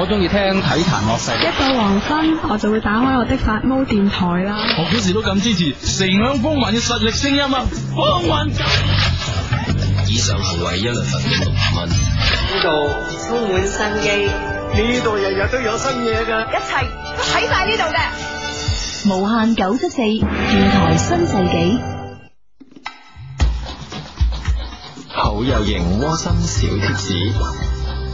我中意聽體壇樂事。一到黃昏，我就會打開我的發毛電台啦。我幾時都咁支持城鄉風雲嘅實力聲音啊！風雲。以上行為一律罰款六蚊。呢度充滿生機，呢度日日都有新嘢噶，一切都喺晒呢度嘅。無限九七四電台新世紀，好有型窩心小貼士。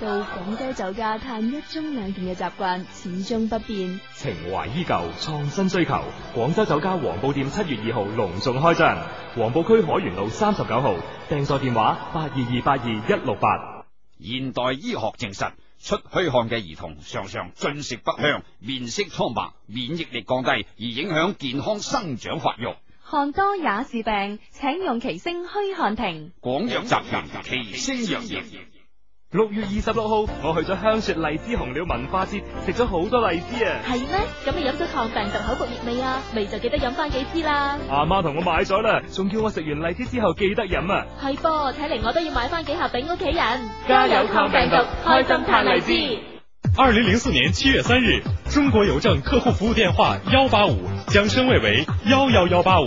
到廣州酒家嘆一盅兩件嘅習慣始終不變，情懷依舊，創新追求。廣州酒家黃埔店七月二號隆重開張，黃埔區海源路三十九號，訂座電話八二二八二一六八。現代醫學證實，出虛汗嘅兒童常常進食不香，面色蒼白，免疫力降低，而影響健康生長發育。汗多也是病，請用奇星虛汗停。廣藥集團，奇星藥業。六月二十六號，我去咗香雪荔枝紅了文化節，食咗好多荔枝啊！係咩？咁你飲咗抗病毒口服液未啊？未就記得飲翻幾支啦。阿媽同我買咗啦，仲叫我食完荔枝之後記得飲啊！係噃，睇嚟我都要買翻幾盒俾屋企人。加油抗病毒，開心嘆荔枝。二零零四年七月三日，中國郵政客戶服務電話幺八五將升位為幺幺幺八五。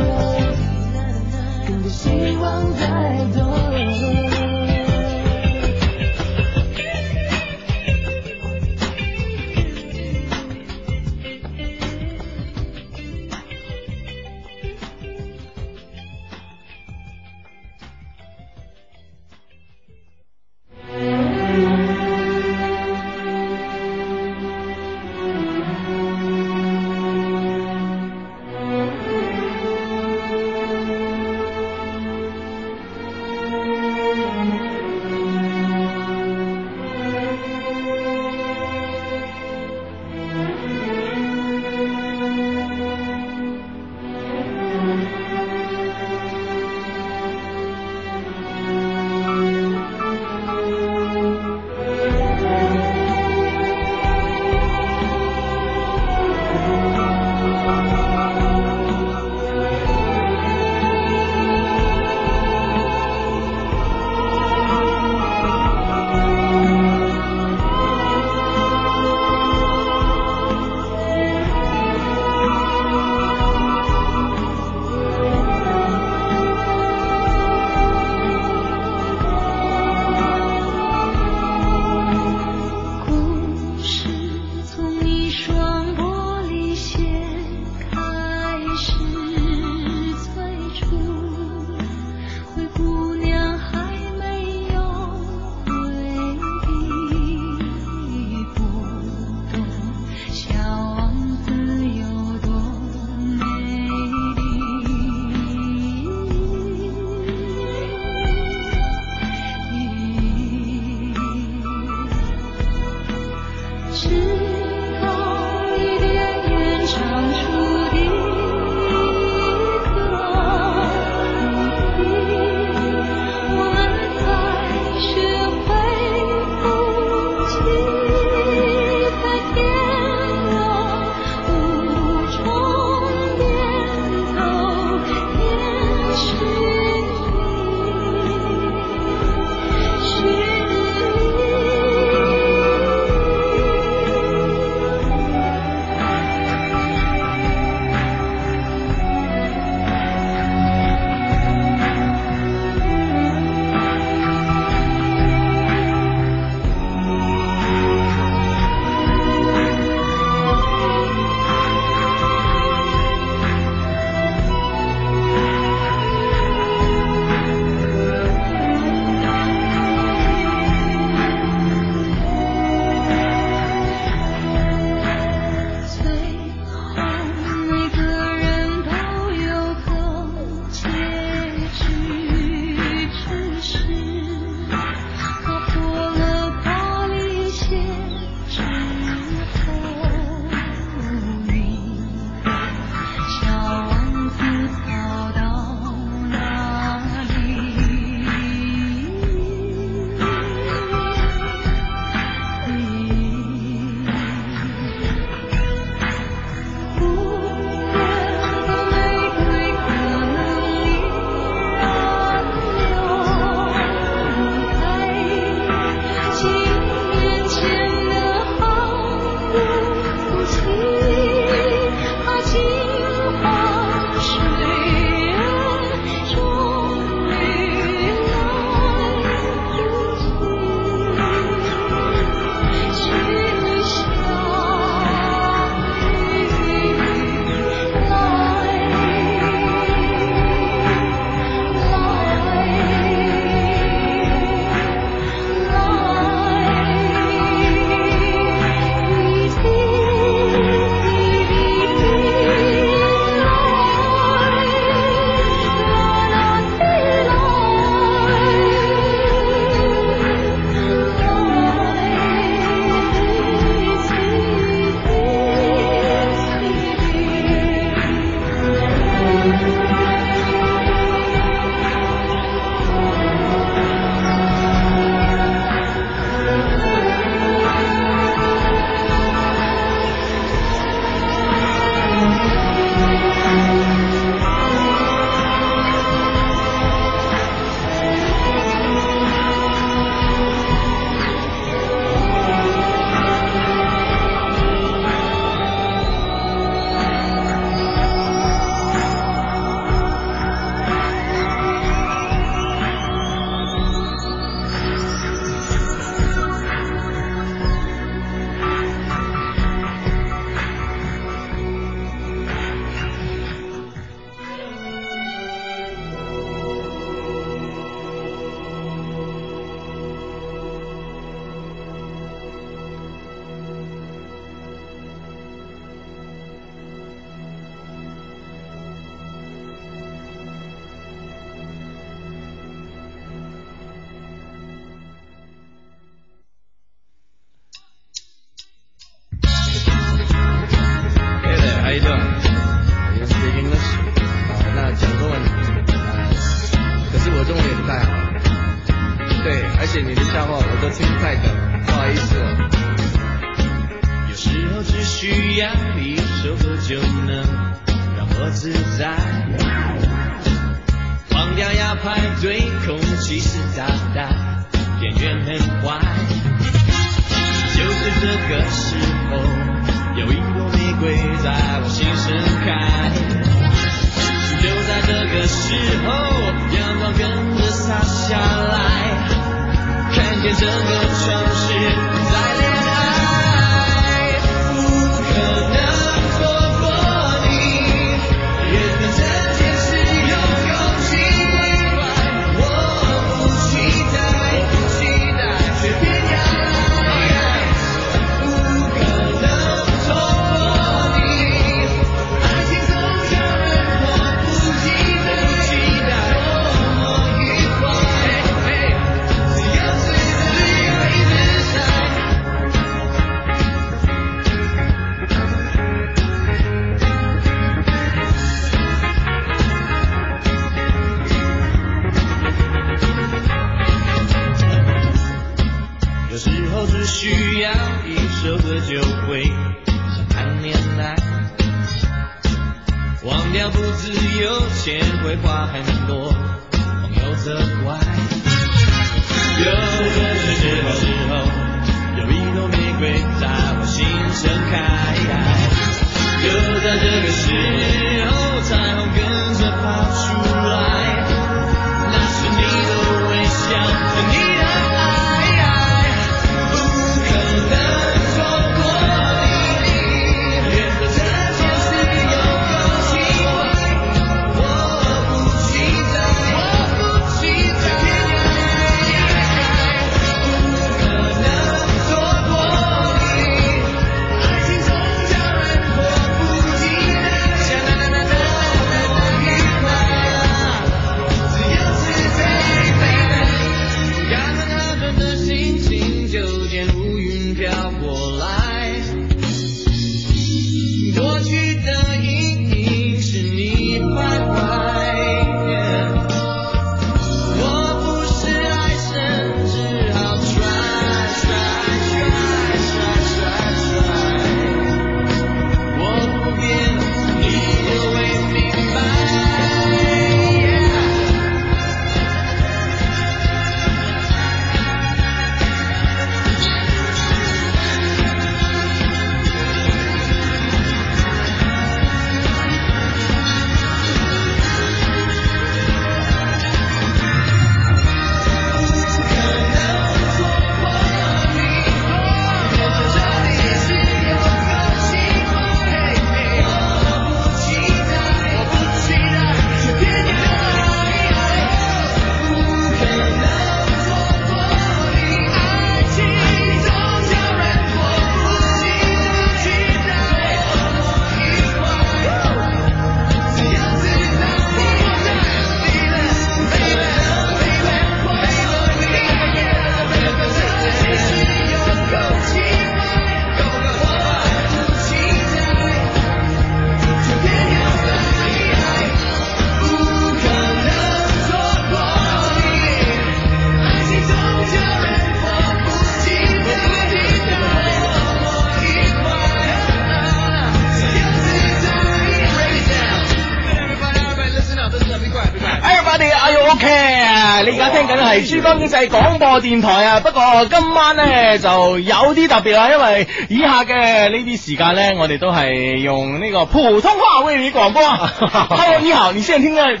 播電台啊，不過今晚呢就有啲特別啦，因為以下嘅呢啲時間呢，我哋都係用呢個普通話為你廣播。 Hello，你好，你現在聽的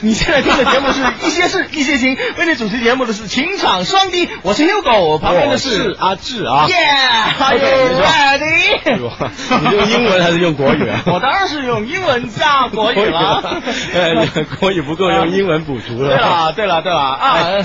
你現在聽的節目是一些事一些情 為你主持節目的是情場雙 D，我是 Hugo，我、啊、旁邊的是阿志啊。耶、啊、Yeah, Are you ready? 你用英文還是用國語啊？ 我當然是用英文加國語啦、啊。國 語、啊、 語不夠，用英文補足了、， 啊、了。對啦，對啦，對、啊、啦。哎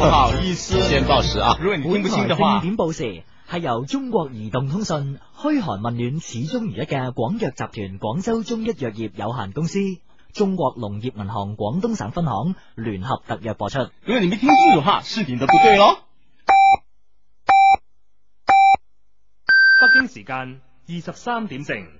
不好意思，嗯、先報時啊！本來正點報時係由中國移動通信噓寒問暖始終如一嘅廣藥集團廣州中一藥業有限公司、中國農業銀行廣東省分行聯合特約播出。咁你連啲天書都黑，書田就跌機咯！北京時間二十三點正。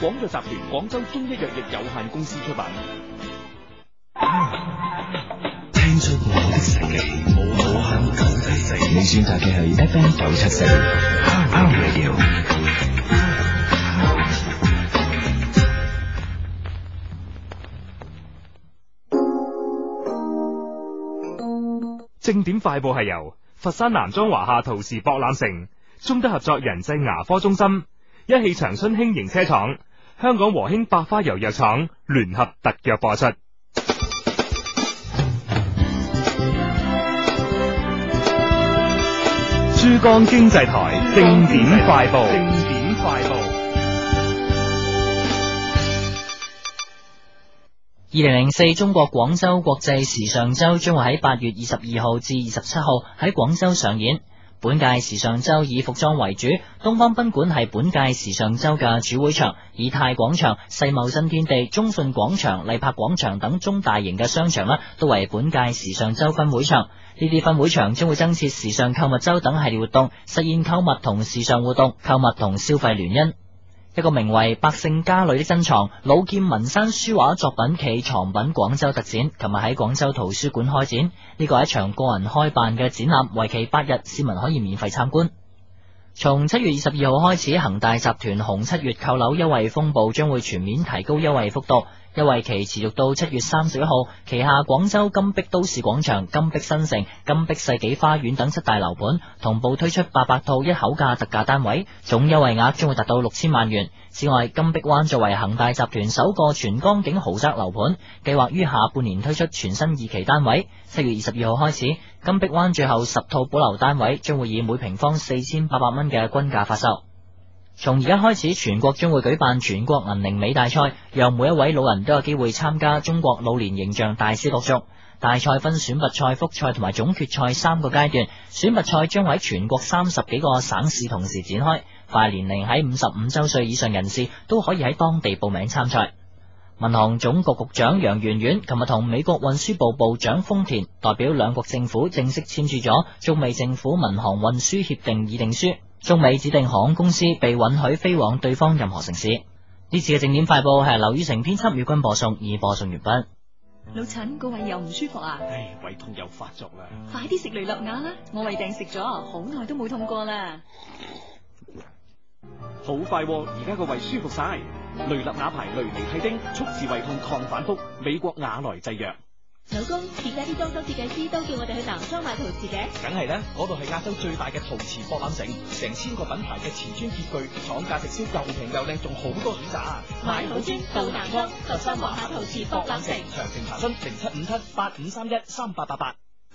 廣藥集團廣州中醫藥藥業有限公司出品。聽出我的你選擇嘅係 FM 九七四。正點快報係由佛山南莊華夏陶瓷博覽城、中德合作人制牙科中心、一汽長春輕型車廠。香港和興百花油藥廠聯合特約播出 音 Thankfully。 珠江經濟台正點快報。正點快報。二零零四中國廣州國際時尚周將會喺八月二十二號至二十七號喺廣州上演。本屆時尚周以服裝為主，東方賓館係本屆時尚周嘅主會場，以太廣場、世貿新天地、中信廣場、麗柏廣場等中大型嘅商場啦，都為本屆時尚周分會場。呢啲分會場將會增設時尚購物周等系列活動，實現購物同時尚活動，購物同消費聯姻。一個名為《百姓家裏的珍藏老劍文山書畫作品暨藏品》廣州特展，琴日喺廣州圖書館開展。呢個係一場個人開辦嘅展覽，為期八日，市民可以免費參觀。從七月二十二號開始，恒大集團紅七月購樓優惠風暴將會全面提高優惠幅度。優惠期持續到七月三十一號，旗下廣州金碧都市廣場、金碧新城、金碧世紀花園等七大樓盤同步推出八百套一口價特價單位，總優惠額將會達到六千萬元。此外，金碧灣作為恒大集團首個全江景豪宅樓盤，計劃於下半年推出全新二期單位。七月二十二號開始，金碧灣最後十套保留單位將會以每平方四千八百蚊嘅均價發售。從而家開始，全國將會舉辦全國銀齡美大賽，讓每一位老人都有機會參加中國老年形象大師角逐。大賽分選拔賽、複賽同埋總決賽三個階段。選拔賽將喺全國三十幾個省市同時展開，凡係年齡喺五十五周歲以上人士都可以喺當地報名參賽。民航總局局長楊元元琴日同美國運輸部部長峰田代表兩國政府正式簽署咗中美政府民航運輸協定議定書。中美指定航空公司被允許飛往對方任何城市。呢次嘅正點快報係劉宇成編輯、宇軍播送，已播送完畢。老陳，個胃又唔舒服啊？唉、哎，胃痛又發作啦！快啲食雷立雅啦！我胃病食咗，好耐都冇痛過啦。好快、啊，而家個胃舒服晒。雷立雅牌雷尼替丁，促治胃痛抗反復，美國雅萊製藥。老公，點解啲裝修設計師都叫我哋去南莊買陶瓷嘅？梗係啦，嗰度係亞洲最大嘅陶瓷博覽城，成千個品牌嘅瓷磚潔具廠價直銷，又平又靚，仲好多選擇啊！買好磚到南莊十三行陶瓷博覽城，詳情查詢零七五七八五三一三八八八。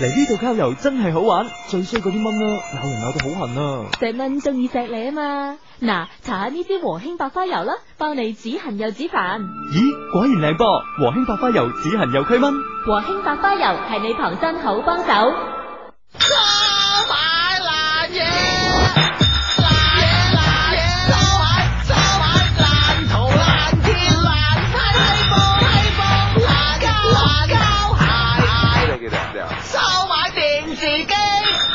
嚟呢度郊遊真係好玩。最衰嗰啲蚊囉，咬人咬到好痕啊！隻蚊中意錫你啊嘛，嗱，搽下呢支和興百花油啦，幫你止痕又止煩。咦，果然靚噃，啊！和興百花油止痕又驅蚊，和興百花油係你旁身好幫手。啊、買爛嘢！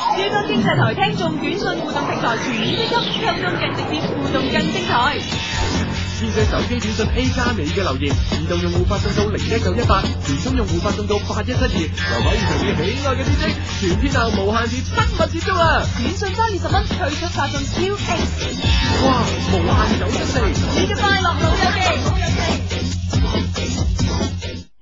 珠江經濟台聽眾短信互動平台全面升級，溝通更直接，互動更精彩。現在手機短信 A 加你嘅留言，移動用戶發送到零一九一八，全新用戶發送到八一七二，留俾你最喜愛嘅 DJ，全天候無限次親密接觸啊！短信加二十蚊，快出發送超 X。哇，無限有優惠，你嘅快樂老友記。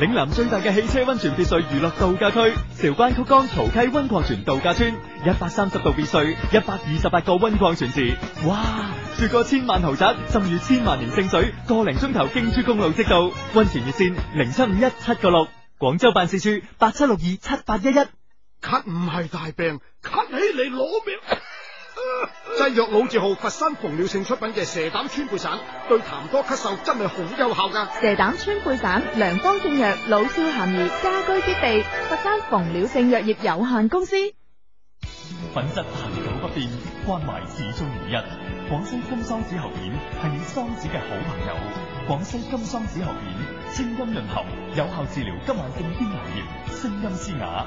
嶺南最大嘅汽車溫泉別墅娛樂度假區，韶關曲江曹溪溫礦泉度假村，一百三十度別墅，一百二十八個溫礦泉池，哇！住過千萬豪宅，浸住千萬年聖水，個零鐘頭京珠公路即到。溫泉熱線零七五一七個六，廣州辦事處八七六二七八一一。咳，唔係大病，咳起你攞命。製藥老字號佛山馮了性出品嘅蛇膽川貝散，對痰多咳嗽真係好有效噶。蛇膽川貝散，良方聖藥，老少咸宜，家居之地。佛山馮了性藥業有限公司。品質長久不變，關懷始終如一。廣西金嗓子喉片係你嗓子嘅好朋友。廣西金嗓子喉片，清音潤喉，有效治療今晚睛、咽喉炎，聲音嘶啞。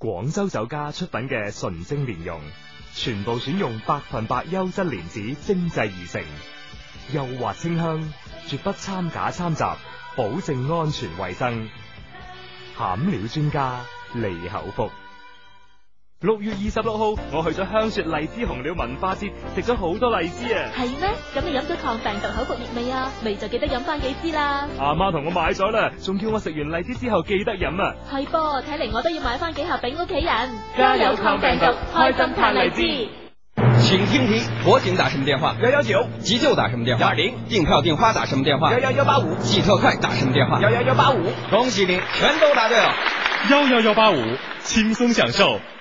廣州酒家出品嘅純正蓮蓉，全部選用百分百優質蓮子精製而成，幼滑清香，絕不摻假摻雜，保證安全衛生，餡料專家，利口福。六月二十六號，我去咗香雪荔枝紅了文化節，食咗好多荔枝啊！係咩？咁你飲咗抗病毒口服液未啊？未就記得飲翻幾支啦。阿媽同我買咗啦，仲叫我食完荔枝之後記得飲啊！係噃，睇嚟我都要買翻幾盒俾屋企人。加油抗病毒，開心嘆荔枝。請聽題，火警打什麼電話？幺幺九。急救打什麼電話？幺二零。訂票訂花打什麼電話？幺幺幺八五。寄特快打什麼電話？幺幺幺八五。恭喜你，全都答對了。幺幺幺八五，輕鬆享受。